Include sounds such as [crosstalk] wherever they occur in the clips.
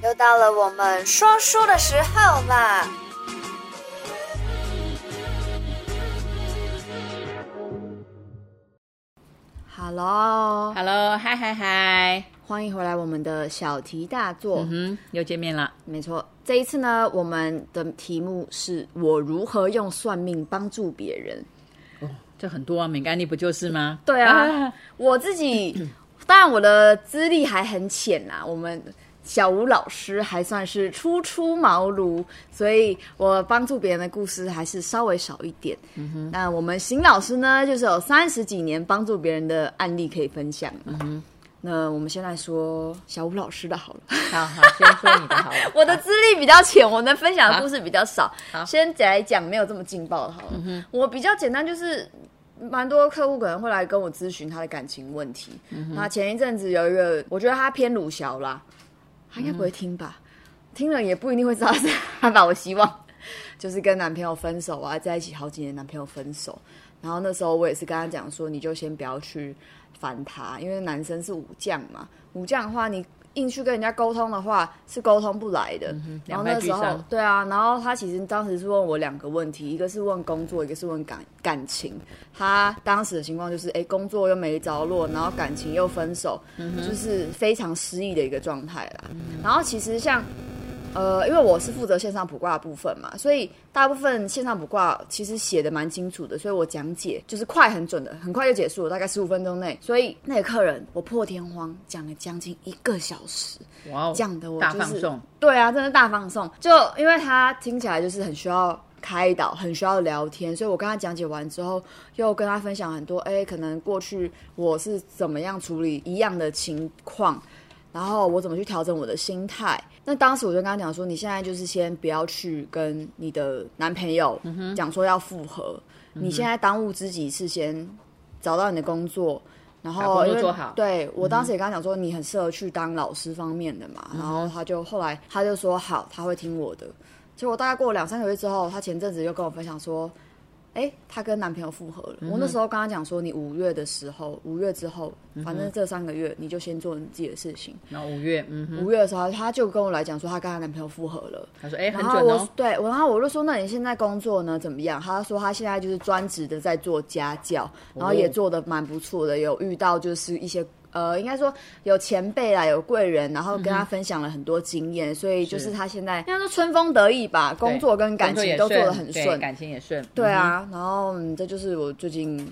又到了我們說書的時候啦！Hello，Hello，嗨嗨嗨，Hello, Hello, hi hi hi. 歡迎回來我們的小題大做。嗯、哼，又見面了，沒錯。這一次呢，我們的題目是我如何用算命幫助別人。哦、這很多啊，每個案例不就是嗎？對啊，啊我自己 [coughs] 當然我的資歷還很淺啊，我們。小吳老師還算是初出茅廬，所以我幫助別人的故事還是稍微少一點。嗯哼，那我們邢老師呢，就是有三十幾年幫助別人的案例可以分享。嗯哼，那我們先來說小吳老師的好了。好好，先說你的好了。 [laughs] [laughs] 我的資歷比較淺，我能分享的故事比較少。好、啊，先來講沒有這麼勁爆的好了、嗯。我比較簡單，就是蠻多客戶可能會來跟我諮詢他的感情問題。嗯、那前一陣子有一個，我覺得他偏魯小啦。他應該不會聽吧？嗯，聽了也不一定會知道是他吧。我希望就是跟男朋友分手啊，在一起好幾年，男朋友分手，然後那時候我也是跟他講說，你就先不要去煩他，因為男生是武將嘛，武將的話你。硬去跟人家溝通的話是溝通不來的，嗯、然後那時候對啊，然後他其實當時是問我兩個問題，一個是問工作，一個是問感、感情。他當時的情況就是，哎，工作又沒着落，然後感情又分手，嗯、就是非常失意的一個狀態啦。嗯、然後其實像。呃，因為我是負責線上卜卦部分嘛，所以大部分線上卜卦其實寫得蠻清楚的，所以我講解就是快很準的，很快就結束了，大概十五分鐘內。所以那個客人，我破天荒講了將近一個小時，哇哦，講的我就是大放鬆對啊，真的大放鬆。就因為他聽起來就是很需要開導，很需要聊天，所以我跟他講解完之後，又跟他分享很多，哎、欸，可能過去我是怎麼樣處理一樣的情況，然後我怎麼去調整我的心態。那當時我就跟他講說，你現在就是先不要去跟你的男朋友講說要復合，嗯、你現在當務之急是先找到你的工作，然後、啊、做好。對，我當時也跟他講說，你很適合去當老師方面的嘛、嗯，然後他就後來他就說好，他會聽我的。結果大概過了兩三個月之後，他前陣子又跟我分享說。她、欸、跟男朋友復合了。嗯、我那時候跟她講說，你五月的時候，五月之後、嗯，反正這三個月你就先做你自己的事情。然後五月，五、嗯、月的時候，她就跟我來講說，她跟她男朋友復合了。她說、欸，哎，很準我、哦、對，然後我就說，那你現在工作呢，怎麼樣？她說，她現在就是專職的在做家教，然後也做的蠻不錯的，有遇到就是一些。呃，應該說有前輩啦，有貴人，然後跟他分享了很多經驗、嗯，所以就是他現在應該說春風得意吧，工作跟感情都做得很順，感情也順，對啊，嗯、然後、嗯、這就是我最近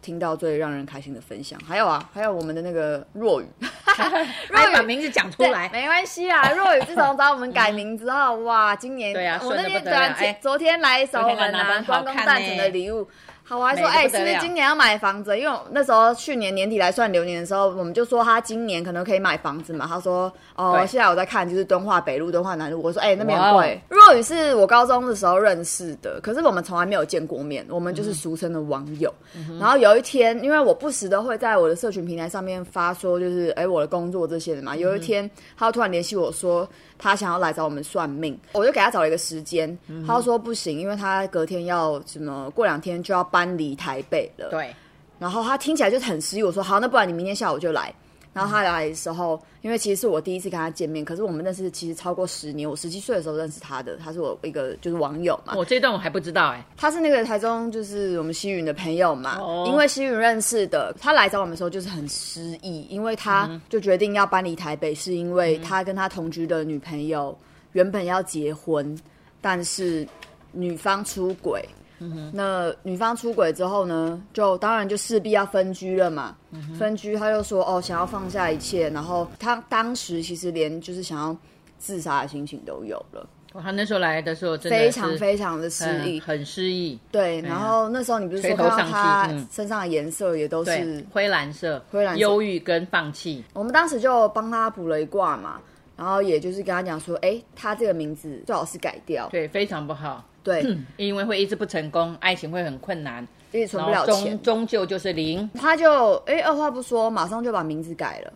聽到最讓人開心的分享。嗯、還有啊，還有我們的那個若雨， [laughs] [laughs] 若雨要把名字講出來，沒關係啊。若雨自從找我們改名之後，哇，今年對啊，得得我那天昨天、啊欸、昨天來一首我們啊關公誕辰的禮物。好，我還說，哎、欸，是不是今年要買房子？因為那時候去年年底來算流年的時候，我們就說他今年可能可以買房子嘛。他說，哦、呃，現在我在看，就是敦化北路、敦化南路。我說，哎、欸，那邊很貴。若雨是我高中的時候認識的，可是我們從來沒有見過面，我們就是俗稱的網友、嗯。然後有一天，因為我不時的會在我的社群平台上面發說，就是哎、欸，我的工作這些的嘛。嗯、有一天，他突然聯繫我說，他想要來找我們算命，我就給他找了一個時間。他說不行，因為他隔天要什麼，過兩天就要。搬離台北了，對。然後他聽起來就是很失意。我說好，那不然你明天下午就來。然後他來的時候、嗯，因為其實是我第一次跟他見面，可是我們認識其實超過十年。我十七歲的時候認識他的，他是我一個就是網友嘛。我、哦、這一段我還不知道哎、欸，他是那個台中，就是我們西云的朋友嘛。哦。因為西云認識的，他來找我們的時候就是很失意，因為他就決定要搬離台北、嗯，是因為他跟他同居的女朋友原本要結婚，但是女方出軌。嗯、哼，那女方出軌之後呢，就當然就勢必要分居了嘛。嗯、分居，他就說哦，想要放下一切、嗯，然後他當時其實連就是想要自殺的心情都有了。哇，他那時候來的時候，真的。非常非常的失意，嗯、很失意。對，然後那時候你不是說到他身上的顏色也都是灰藍色，嗯、灰藍色，憂鬱跟放棄。我們當時就幫他卜了一卦嘛，然後也就是跟他講說，哎、欸，他這個名字最好是改掉，對，非常不好。對、嗯，因為會一直不成功，愛情會很困難，所以存不了錢，終終究就是零。他就，哎，二話不說，馬上就把名字改了。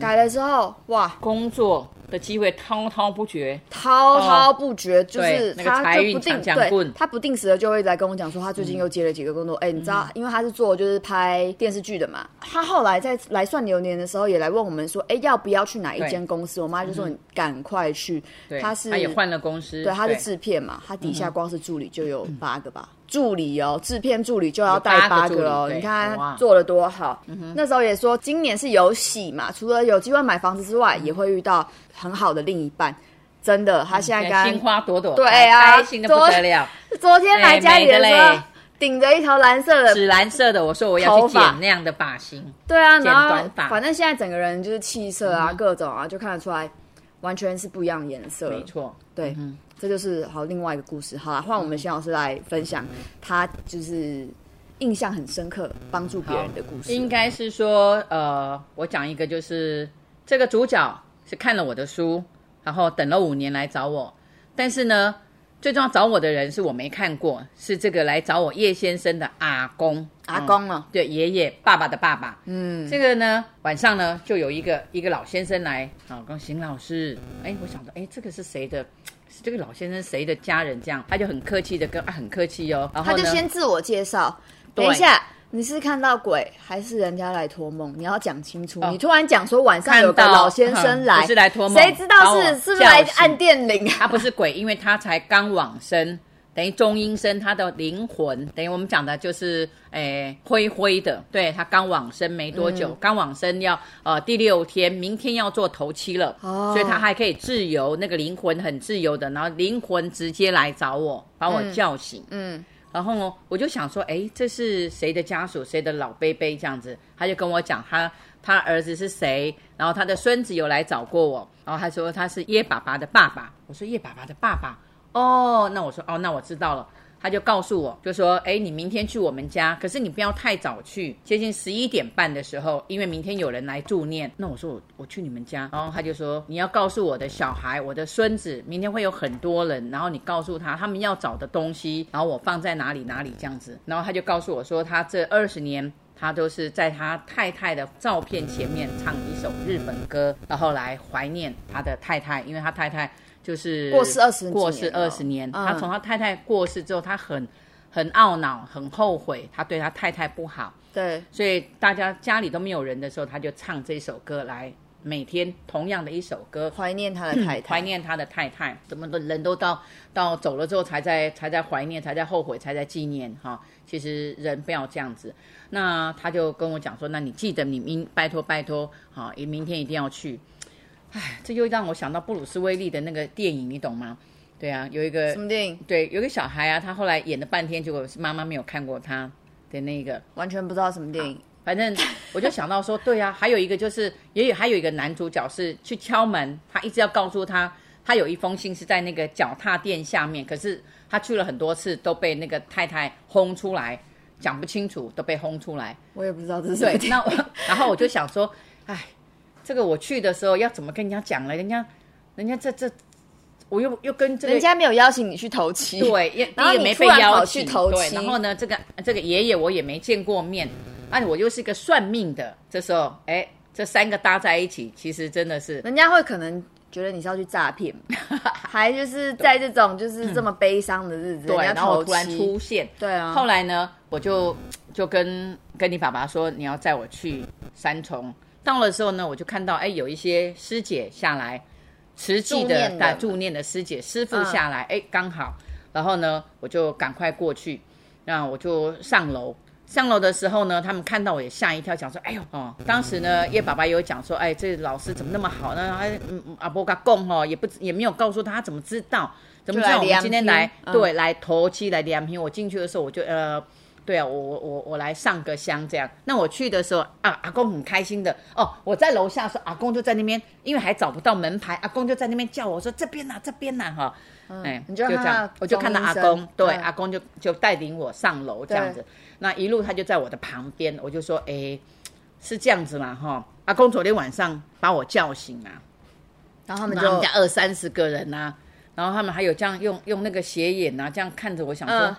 改了之後，哇，工作的機會滔滔不絕，滔滔不絕，哦、就是他就不定對、那個，對，他不定時的就會來跟我講說，他最近又接了幾個工作。哎、嗯，你知道，因為他是做就是拍電視劇的嘛，嗯、他後來在來算流年的時候，也來問我們說，哎，要不要去哪一間公司？我媽就說，你趕快去。嗯、他是他也換了公司，對，他是制片嘛，他底下光是助理就有八個吧。嗯嗯助理哦，製片助理就要帶八個哦8個，你看他做的多好。那時候也說，今年是有喜嘛、嗯，除了有機會買房子之外、嗯，也會遇到很好的另一半。真的，他現在開金、嗯、花朵朵，對啊，啊開心的不得了昨。昨天來家裡的，頂着一條藍色的,、欸的，紫藍色的，我說我要去剪那樣的髮型。對啊，然後剪短髮反正現在整個人就是氣色啊、嗯，各種啊，就看得出來。完全是不一樣顏色，沒錯，對、嗯，這就是好，另外一個故事。好了，換我們邢老師來分享他就是印象很深刻幫助別人的故事。嗯、應該是說，呃，我講一個，就是這個主角是看了我的書，然後等了五年來找我，但是呢，最重要找我的人是我沒看過，是這個來找我葉先生的阿公，嗯、阿公哦，對，爺爺爸爸的爸爸，嗯，這個呢晚上呢就有一個一個老先生來，好跟邢老師，哎、欸，我想到，哎、欸，這個是誰的？是這個老先生誰的家人？這樣他，啊，就很客氣的跟，啊，很客氣哦，然後。他就先自我介紹，等一下。你是看到鬼，還是人家來托夢？你要講清楚。哦。你突然講說晚上有個老先生來，嗯、是託夢，誰知道是是不是來按電鈴、啊？他不是鬼，因為他才剛往生，等於中陰身，他的靈魂等於我們講的就是誒、欸、灰灰的。對，他剛往生沒多久，剛、嗯、往生要呃第六天，明天要做頭七了，哦，所以他還可以自由，那個靈魂很自由的，然後靈魂直接來找我，把我叫醒。嗯。嗯然後呢，我就想說，哎，這是誰的家屬？誰的老伯伯這樣子？他就跟我講他，他他兒子是誰？然後他的孫子有來找過我。然後他說他是葉爸爸的爸爸。我說葉爸爸的爸爸哦，那我說哦，那我知道了。他就告訴我，就說，誒、欸，你明天去我們家，可是你不要太早去，接近十一點半的時候，因為明天有人來助念。那我說我我去你們家，然後他就說，你要告訴我的小孩，我的孫子，明天會有很多人，然後你告訴他他們要找的東西，然後我放在哪裡哪裡這樣子。然後他就告訴我說，他這二十年他都是在他太太的照片前面唱一首日本歌，然後來懷念他的太太，因為他太太。就是過世二十過世二十年，嗯、他從他太太過世之後，他很很懊惱，很後悔，他對他太太不好。對，所以大家家裡都沒有人的時候，他就唱這首歌來，每天同樣的一首歌，懷念他的太太，嗯、懷念他的太太。怎麼都人都到到走了之後才，才在才在懷念，才在後悔，才在紀念。哈、哦，其實人不要這樣子。那他就跟我講說：“那你記得你明拜托拜托，好、哦，明天一定要去。”哎，這又讓我想到布魯斯·威利的那個電影，你懂嗎？對啊，有一個什麼電影？對，有一個小孩啊，他後來演了半天，結果媽媽沒有看過他的那個，完全不知道什麼電影。反正我就想到說，對啊， [laughs] 還有一個就是，也有，還有一個男主角是去敲門，他一直要告訴他，他有一封信是在那個腳踏墊下面，可是他去了很多次都被那個太太轟出來，講不清楚都被轟出來。我也不知道這是什麼。那我然後我就想說，哎。這個我去的時候要怎麼跟人家講呢？人家，人家這這，我又又跟、這個，人家沒有邀請你去投棋，對，也 [laughs] 然後你也沒被邀請突然跑去投棋，然後呢，這個這個爺爺我也沒見過面，那、嗯啊、我又是一個算命的，這時候，哎、欸，這三個搭在一起，其實真的是，人家會可能覺得你是要去詐騙， [laughs] 還就是在這種就是這麼悲傷的日子，嗯、對然後我突然出現，對啊、哦，後來呢，我就就跟跟你爸爸說，你要帶我去三重。到了時候呢，我就看到哎、欸，有一些師姐下來，慈濟的打助念，念的師姐師父下來，哎、嗯，剛、欸、好，然後呢，我就趕快過去，那我就上樓。上樓的時候呢，他們看到我也嚇一跳，講說：“哎呦哦！”當時呢，葉爸爸有講說：“哎、欸，這個、老師怎麼那麼好呢？”阿波嘎講哈，也不也沒有告訴他，他怎麼知道，怎麼知道我們今天來、嗯、對來頭七來點香。我進去的時候我就呃。對啊，我我我我來上個香這樣。那我去的時候啊，阿公很開心的哦。我在樓下說，阿公就在那邊，因為還找不到門牌，阿公就在那邊叫我說：“這邊吶、啊，這邊吶、啊。”哈、嗯，哎你就，就這樣，我就看到阿公，對，對，阿公就就帶領我上樓這樣子。那一路他就在我的旁邊，我就說：“哎，是這樣子嘛。”哈，阿公昨天晚上把我叫醒啊，然後他們就他們家二三十個人吶、啊，然後他們還有這樣用用那個斜眼啊，這樣看着我想說。嗯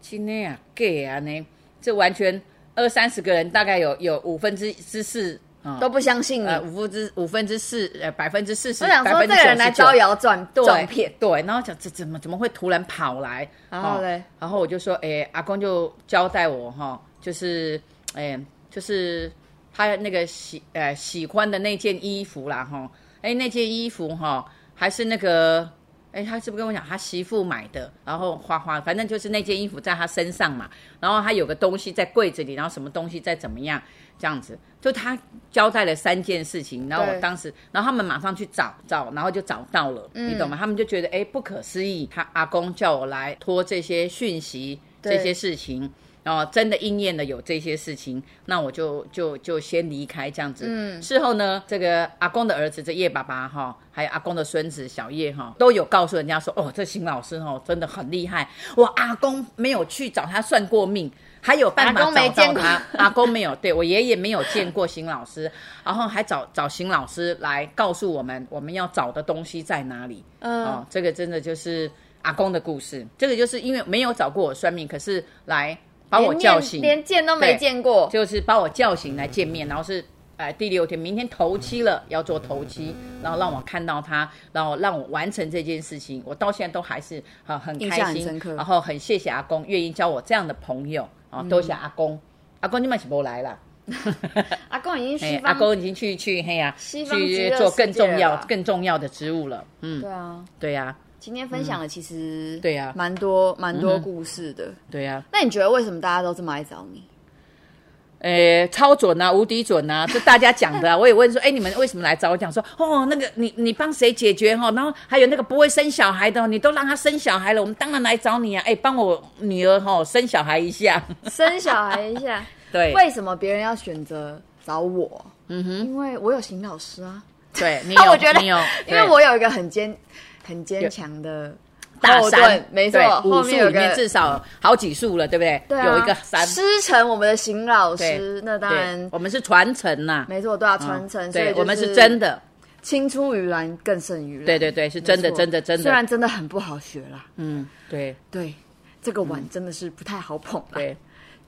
今天啊，y 啊呢，這完全二三十個人，大概有有五分之之四，嗯、都不相信啊，呃，五分之五分之四，呃，百分之四十，我想說這個人來招搖撞撞騙，對，然後講這怎麼怎麼會突然跑來？然，哦，後嘞，然後我就說，哎，阿公就交代我哈，哦，就是哎，就是他那個喜呃喜歡的那件衣服啦，哈，哦，哎，那件衣服哈，哦，還是那個。哎、欸，他是不是跟我講他媳婦買的？然後花花，反正就是那件衣服在他身上嘛。然後他有個東西在櫃子裡，然後什麼東西在怎麼樣，這樣子。就他交代了三件事情，然後我當時，然後他們馬上去找找，然後就找到了，嗯。你懂嗎？他們就覺得哎、欸，不可思議。他阿公叫我來托這些訊息，這些事情。哦，真的應驗了，有這些事情，那我就就就先離開這樣子。嗯，事後呢，這個阿公的兒子這葉爸爸哈、哦，還有阿公的孫子小葉哈、哦，都有告訴人家說，哦，這邢老師哦，真的很厲害。我阿公沒有去找他算過命，還有辦法。找到他，阿公， [laughs] 阿公沒有，對，我爺爺沒有見過邢老師， [laughs] 然後還找找邢老師來告訴我們，我們要找的東西在哪裡。嗯，哦，這個真的就是阿公的故事，這個就是因為沒有找過我算命，可是來。把我叫醒，連見都沒見過，就是把我叫醒來見面，然後是，哎、呃，第六天，明天頭七了，要做頭七，然後讓我看到他，然後讓我完成這件事情。我到現在都還是很、呃、很開心很，然後很謝謝阿公願意交我這樣的朋友，啊、呃嗯，多謝阿公。阿公你們是不來了、 [laughs] [laughs] 欸？阿公已經阿公已經去去嘿呀、啊，去做更重要更重要的職務了。嗯，對啊，對呀、啊。今天分享的其實蠻、嗯、對呀、啊，蠻多蠻多故事的，嗯、對呀、啊。那你覺得為什麼大家都這麼來找你？誒、欸，超準啊無敵準啊就大家講的、啊， [laughs] 我也問說，哎、欸，你們為什麼來找我講？ [laughs] 講說哦，那個你你幫誰解決哈、哦？然後還有那個不會生小孩的，你都讓他生小孩了，我們當然來找你啊！哎、欸，幫我女兒哈生小孩一下，生小孩一下。 [laughs] 一下 [laughs] 對，為什麼別人要選擇找我？嗯哼，因為我有邢老師啊。對，那 [laughs] 我覺得你有你有，因為我有一個很堅。很堅強的大山，沒錯，後面有個至少好幾束了，對不對？對，有一個山師承我們的邢老師，那當然，我們是傳承吶，沒錯，都要傳承、嗯，所以、就是、我們是真的青出於藍更勝於藍，對對對，是真的真的真的，雖然真的很不好學啦，嗯，對對，這個碗真的是不太好捧了。嗯對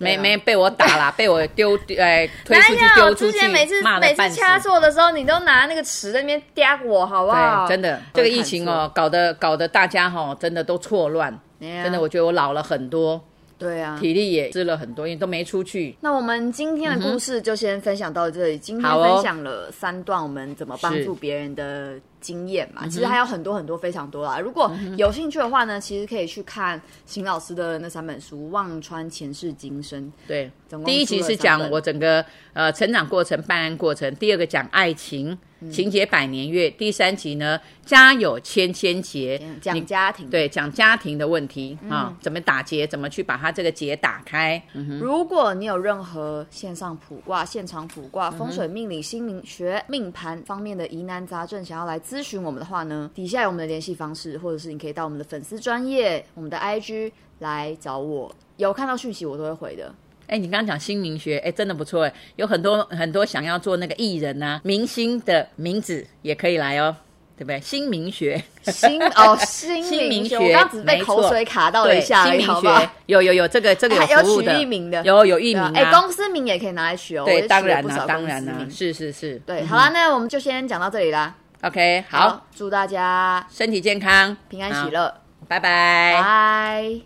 沒沒被我打了，被我丟哎，推出去丟出去，每次每次掐錯的時候，你都拿那個尺在那邊嗲我，好不好？對，真的，這個疫情哦，搞得搞得大家哈、哦，真的都錯亂，yeah. 真的，我覺得我老了很多。對啊，體力也吃了很多，因為都沒出去。那我們今天的故事就先分享到這裡。嗯、今天分享了三段我們怎麼幫助別人的經驗嘛，哦、其實還有很多很多，非常多啦、嗯。如果有興趣的話呢，其實可以去看邢老師的那三本書《望穿前世今生》。對，第一集是講我整個呃成長過程、辦案過程，第二個講愛情。情節百年月，第三集呢，家有千千結，講家庭對，講家庭的問題啊、嗯哦，怎麼打結，怎麼去把它這個結打開、嗯哼。如果你有任何線上卜卦、現場卜卦、風水命理、心、嗯、理學、命盤方面的疑難雜症，想要來諮詢我們的話呢，底下有我們的聯繫方式，或者是你可以到我們的粉絲專頁、我們的 IG 來找我，有看到訊息我都會回的。哎，你剛剛講姓名學，哎，真的不錯哎，有很多很多想要做那個藝人啊、明星的名字也可以來哦，對不對？姓名學，新哦姓名， [laughs] 姓名學，我剛，剛只被口水卡到一下姓名學，好不好。有有有，這個這個有還要取藝名的，有有藝名、啊，哎，公司名也可以拿來取哦。對，當然了，當然了、啊啊，是是是。對，好啦、啊嗯，那我們就先講到這裡啦。OK，好，祝大家身體健康、平安喜樂，拜拜，拜。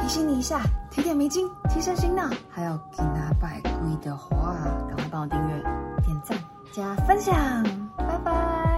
提醒你一下，提點迷津，提升心腦。還有給拿百龜的話，趕快幫我訂閱、點讚、加分享，拜拜。拜拜。